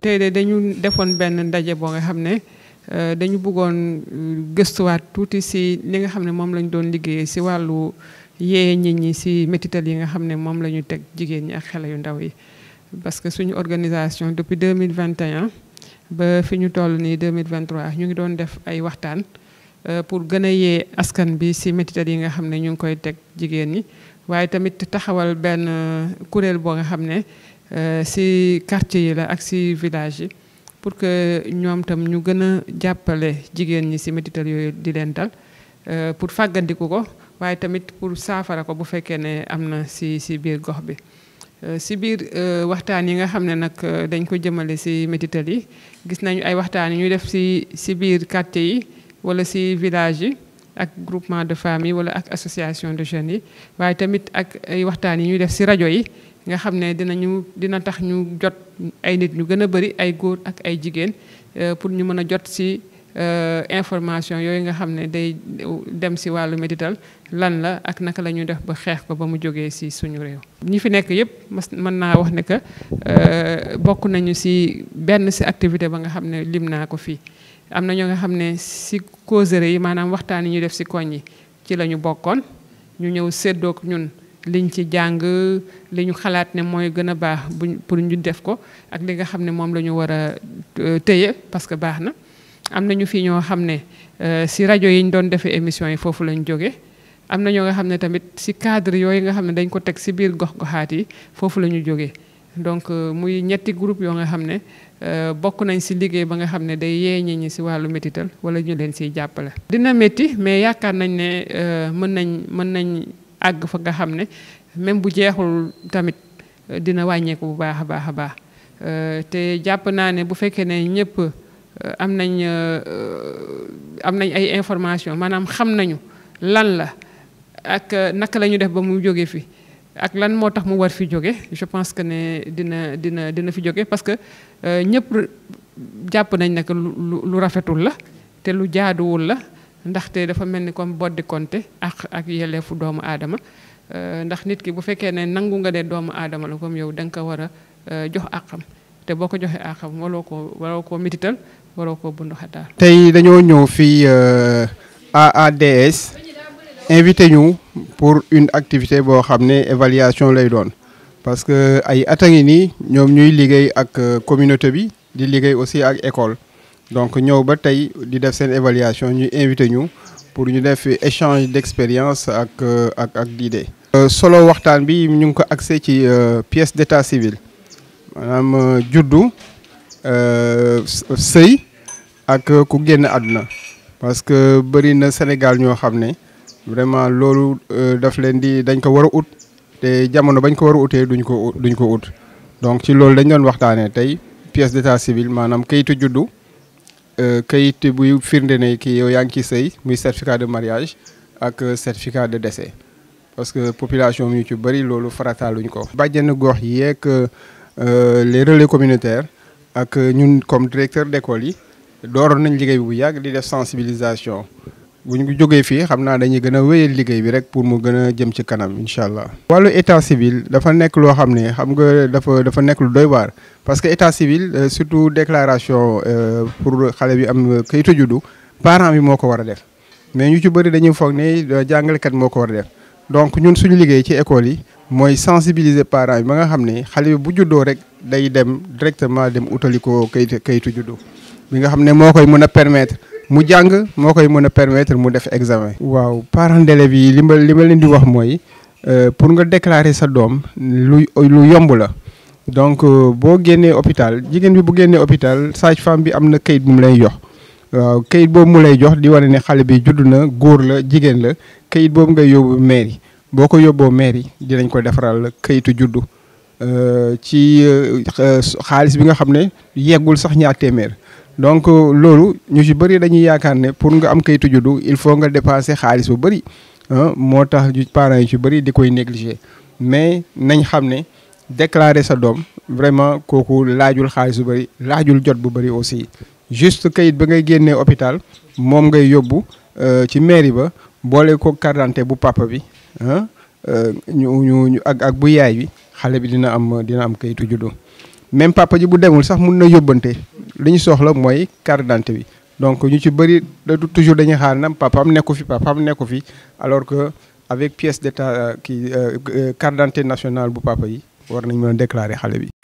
tey de dañu defoon benn ndaje boo nga xam ne euh, dañu bëggoon euh, gëstuwaat tuuti si li nga xam ne moom lañu doon liggéeyee si wàllu yee nit ñi si métital yi nga xam ne moom la ñu teg jigéen ñi ak xele yu ndaw yi. parce que suñu organisation depuis deux mille vingt un ba fi ñu toll nii deux mille vingt trois ñu ngi doon def ay waxtaan euh, pour gëna a yee askan bi si métital yi nga xam ne ñu ngi koy teg jigéen ñi. waaye tamit taxawal benn euh, kuréel boo nga xam ne euh, si quartier yi la ak si village yi pour que ñoom tam ñu gën a jàppale jigéen ñi si métital yooyu di leen dal euh, pour fàggandiku ko waaye tamit pour saafara ko bu fekkee ne am na si si biir gox bi si biir waxtaan yi nga xam ne nag dañ ko jëmale si métital yi gis nañu ay waxtaan yi ñu def si si biir quartier yi wala si village yi ak groupement de femmes yi wala ak association de jeunes yi waaye tamit ak ay waxtaan yi ñuy def ci rajo yi nga xam ne dinañu dina tax ñu jot ay nit ñu gën a bari ay góor ak ay jigéen euh, pour ñu mën a jot ci euh, information yooyu nga xam ne day dem ci wàllu médital lan la ak naka la ñuy def ba xeex ko ba mu jógee ci suñu réew. ñi fi nekk yépp mën naa wax ne que euh, bokk nañu ci benn ci activité ba nga xam ne lim naa ko fii. am na ñoo nga xam ne si causerie yi maanaam waxtaan yi ñu def si koñ yi ci la ñu bokkoon ñu ñëw séddoog ñun liñ ci jàng li ñu xalaat ne mooy gën a baax buñ pour ñu def ko ak li nga xam ne moom la ñu war a euh, téye parce que baax na am na ñu fi ñoo xam ne euh, si rajo yi ñu doon defee émission yi foofu lañ jóge am na ñoo nga xam ne tamit si cadre yooyu nga xam ne dañ ko teg si biir gox goxaat yi foofu la ñu jógee donc euh, muy ñetti groupe yoo nga xam ne euh, bokk nañ si liggéey ba nga xam ne day yee ñi ñi si wàllu métital wala ñu leen siy jàppale. dina métti mais yaakaar nañ ne euh, mën nañ mën nañ àgg fa nga xam ne même bu jeexul tamit dina wàññeeku bu baax a baax a baax te jàpp naa ne bu fekkee ne ñëpp am nañ am nañ ay information maanaam xam nañu lan la ak naka la ñu def ba mu jógee fi ak lan moo tax mu war fi jóge je pense que ne dina dina dina fi jóge parce que euh, ñëpp jàpp nañ ne lu rafetul la te lu jaaduwul la ndaxte dafa mel ni comme boddi konte ak ak yelleefu doomu aadama euh, ndax nit ki bu fekkee ne nangu nga ne doomu aadama la comme yow danga ko war a euh, jox àqam te boo ko joxee àqam waloo koo waroo ko mitital waroo ko bundu tey dañoo ñëw fii AADS invité ñu. pour une activité pour ramener évaluation lay doon parce que ay atangi ni ñom avec ñuy liggéey ak euh, communauté bi di liggéey aussi ak école donc nous ba tay di def sen évaluation ñu invité ñu pour ñu def échange d'expérience ak euh, ak ak d'idées euh, solo waxtaan bi ñu ko axé ci pièce d'état civil maanaam juddu Sey, ak ku génn aduna parce que bari na Sénégal ñoo xamné vraiment lolu euh, daf len di dañ ko wara out ut te jamono bañ ko wara a duñ ko duñ ko out donc ci lolu dañ doon waxtaanee tay pièce d'état civil manam kayitu juddu euh, kayit buy firnde ne ki yow yaa ngi sey muy certificat de mariage ak euh, certificat de décès parce que population mi ñu ci bëri loolu farataaluñ ko. bàjjenu gox yek euh les relais communautaires ak ñun comme directeur d'école yi dooroon nañ liggéey bu yag di def sensibilisation. bu ñu jógee fii xam naa dañuy gën a wéyal liggéey bi rek pour mu gën a jëm ci kanam incha allah. wàllu état civil dafa nekk loo xam ne xam nga dafa dafa nekk doy waar parce que état civil euh, surtout déclaration euh, pour xale bi am kayitu juddu parent bi moo ko war a def mais ñu ci bëri dañuy foog ne euh, jàngalekat moo ko war a def donc ñun suñu liggéey ci école yi mooy sensibiliser parents yi ba nga xam ne xale bi bu juddoo rek day dem directement dem utali ko kayitu kayitu juddu bi nga xam ne moo koy mën a permettre. mu jàng moo koy mën a permettre mu def examen. waaw parents d'élèves yi li ma li ma leen di wax mooy euh, pour nga déclarer sa doom lu lu yomb la donc euh, boo génnee hôpital jigéen bi bu génnee hôpital sage-femme bi am na kayit bu mu lay jox. waaw kayit boobu mu lay jox di wane ne xale bi judd na góor la jigéen la kayit boobu ngay yóbbu mairie boo ko yóbboo mairie dinañ ko defaral kayitu juddu euh, ci xaalis bi nga xam ne yeggul sax ñaar téeméer. donc euh, loolu ñu ci bëri dañuy yaakaar ne pour nga am kayitu juddu il faut nga dépenser xaalis bu bëri moo tax ju parents yu ci bëri di koy négliger mais nañ xam ne déclarer sa doom vraiment kooku laajul xaalis bu bëri laajul jot bu bëri aussi juste kayit ba ngay génnee hôpital moom ngay yóbbu euh, ci mairie ba boole ko carte bu papa bi euh, ñu ñu ñu ak ak bu yaay bi xale bi dina am dina am kayitu juddu même papa ji bu demul sax mun na yóbbante. li soxla moy carte d'identité bi donc ñu ci bëri toujours dañuy xaar nam papam nekku fi papaam nekku fi alors que avec pièce d'état euh, qui euh, euh, carte d'identité nationale bu papa yi war nañ mën déclarer xalé bi